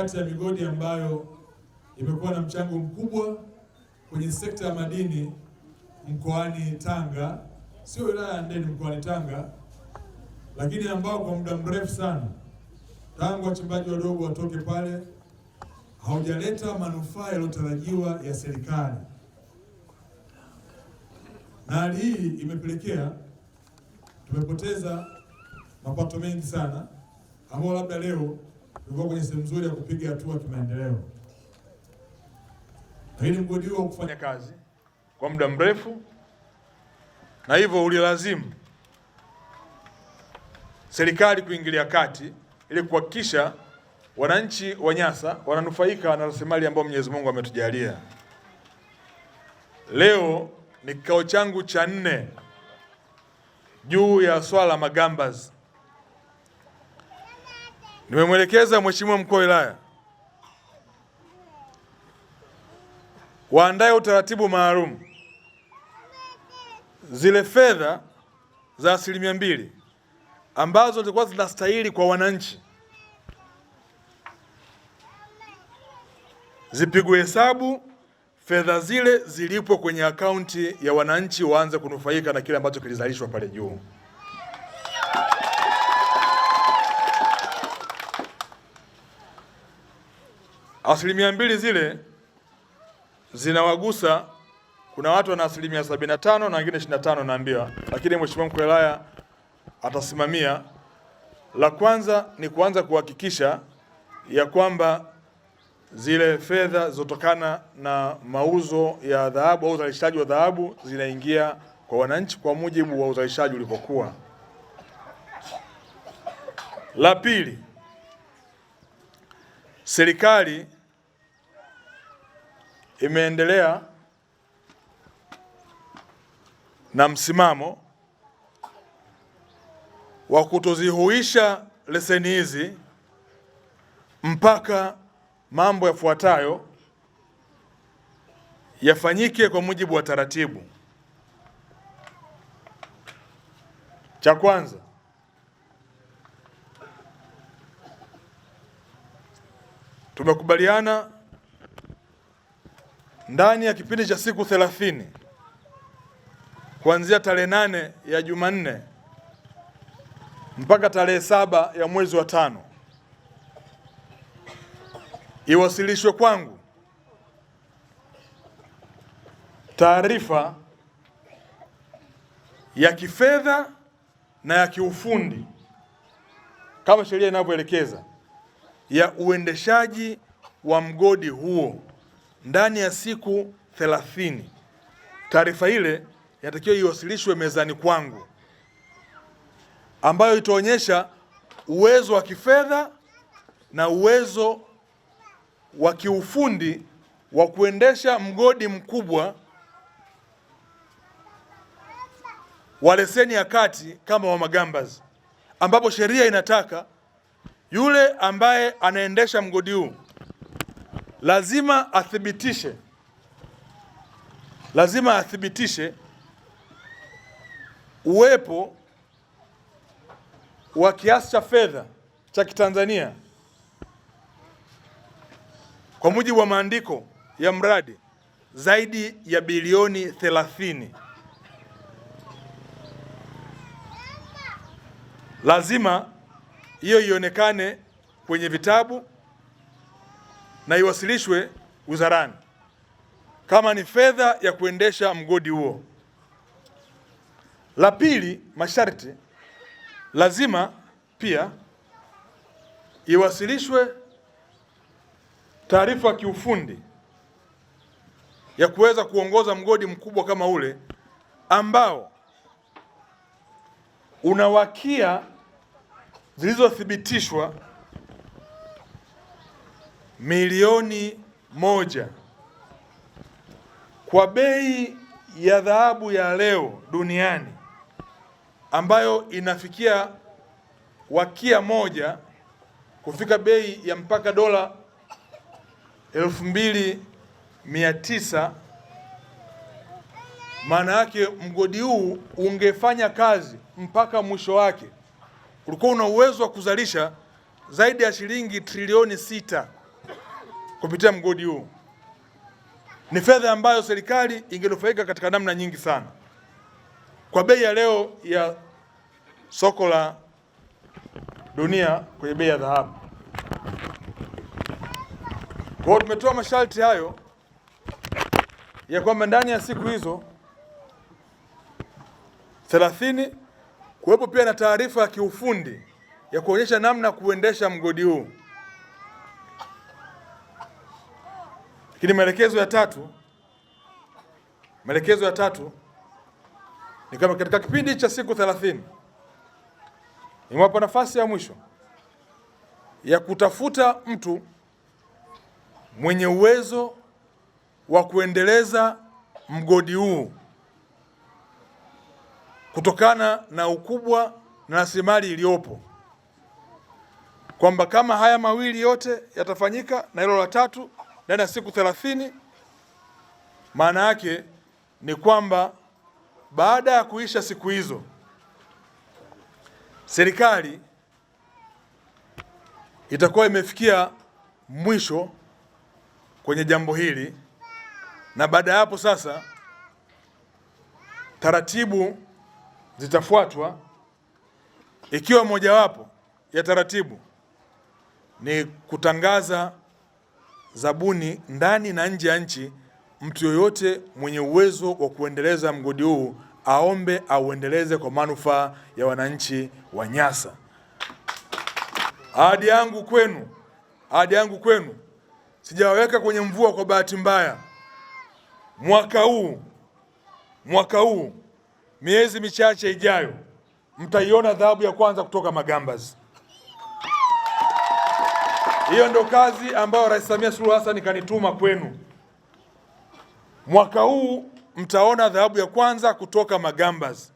kati ya migodi ambayo imekuwa na mchango mkubwa kwenye sekta ya madini mkoani Tanga, sio wilaya ya Handeni, mkoani Tanga, lakini ambao kwa muda mrefu sana tangu wachimbaji wadogo watoke pale haujaleta manufaa yaliyotarajiwa ya serikali, na hali hii imepelekea tumepoteza mapato mengi sana ambayo labda leo tulikuwa kwenye sehemu nzuri ya kupiga hatua kimaendeleo, lakini mgodi huo kufanya kazi kwa muda mrefu, na hivyo ulilazimu serikali kuingilia kati ili kuhakikisha wananchi wa Nyasa wananufaika na rasilimali ambayo Mwenyezi Mungu ametujalia. Leo ni kikao changu cha nne juu ya swala la Magambas. Nimemwelekeza Mheshimiwa mkuu wa wilaya waandae utaratibu maalum, zile fedha za asilimia mbili ambazo zilikuwa zinastahili kwa wananchi zipigwe hesabu, fedha zile zilipo kwenye akaunti ya wananchi waanze kunufaika na kile ambacho kilizalishwa pale juu. asilimia mbili zile zinawagusa kuna watu wana asilimia sabini na tano na wengine ishirini na tano naambiwa, lakini mheshimiwa mkuu wa wilaya atasimamia. La kwanza ni kuanza kuhakikisha ya kwamba zile fedha zilizotokana na mauzo ya dhahabu au uzalishaji wa dhahabu zinaingia kwa wananchi kwa mujibu wa uzalishaji ulivyokuwa. La pili, serikali imeendelea na msimamo wa kutozihuisha leseni hizi mpaka mambo yafuatayo yafanyike kwa mujibu wa taratibu. Cha kwanza, tumekubaliana ndani ya kipindi cha siku 30 kuanzia tarehe nane ya Jumanne mpaka tarehe saba ya mwezi wa tano iwasilishwe kwangu taarifa ya kifedha na ya kiufundi kama sheria inavyoelekeza ya uendeshaji wa mgodi huo ndani ya siku thelathini. Taarifa ile inatakiwa iwasilishwe mezani kwangu, ambayo itaonyesha uwezo wa kifedha na uwezo wa kiufundi wa kuendesha mgodi mkubwa wa leseni ya kati kama wa Magambas, ambapo sheria inataka yule ambaye anaendesha mgodi huu lazima athibitishe, lazima athibitishe uwepo wa kiasi cha fedha cha Kitanzania kwa mujibu wa maandiko ya mradi zaidi ya bilioni 30. Lazima hiyo ionekane kwenye vitabu na iwasilishwe wizarani kama ni fedha ya kuendesha mgodi huo. La pili, masharti lazima pia iwasilishwe taarifa kiufundi ya kuweza kuongoza mgodi mkubwa kama ule ambao unawakia zilizothibitishwa milioni moja kwa bei ya dhahabu ya leo duniani ambayo inafikia wakia moja kufika bei ya mpaka dola elfu mbili mia tisa maana yake mgodi huu ungefanya kazi mpaka mwisho wake, ulikuwa una uwezo wa kuzalisha zaidi ya shilingi trilioni sita kupitia mgodi huu ni fedha ambayo serikali ingenufaika katika namna nyingi sana. Kwa bei ya leo ya soko la dunia kwenye bei ya dhahabu, kwa hiyo tumetoa masharti hayo ya kwamba ndani ya siku hizo thelathini kuwepo pia na taarifa ya kiufundi ya kuonyesha namna kuendesha mgodi huu. Lakini maelekezo ya tatu, maelekezo ya tatu ni kama katika kipindi cha siku 30 imewapa nafasi ya mwisho ya kutafuta mtu mwenye uwezo wa kuendeleza mgodi huu kutokana na ukubwa na rasilimali iliyopo, kwamba kama haya mawili yote yatafanyika na hilo la tatu ndani ya siku 30 Maana yake ni kwamba baada ya kuisha siku hizo, serikali itakuwa imefikia mwisho kwenye jambo hili, na baada ya hapo sasa taratibu zitafuatwa, ikiwa mojawapo ya taratibu ni kutangaza zabuni ndani na nje ya nchi. Mtu yoyote mwenye uwezo wa kuendeleza mgodi huu aombe auendeleze kwa manufaa ya wananchi wa Nyasa. Ahadi yangu kwenu, ahadi yangu kwenu, sijaweka kwenye mvua kwa bahati mbaya. Mwaka huu, mwaka huu, miezi michache ijayo, mtaiona dhahabu ya kwanza kutoka Magambazi. Hiyo ndo kazi ambayo Rais Samia Suluhu Hassan kanituma kwenu. Mwaka huu mtaona dhahabu ya kwanza kutoka Magambas.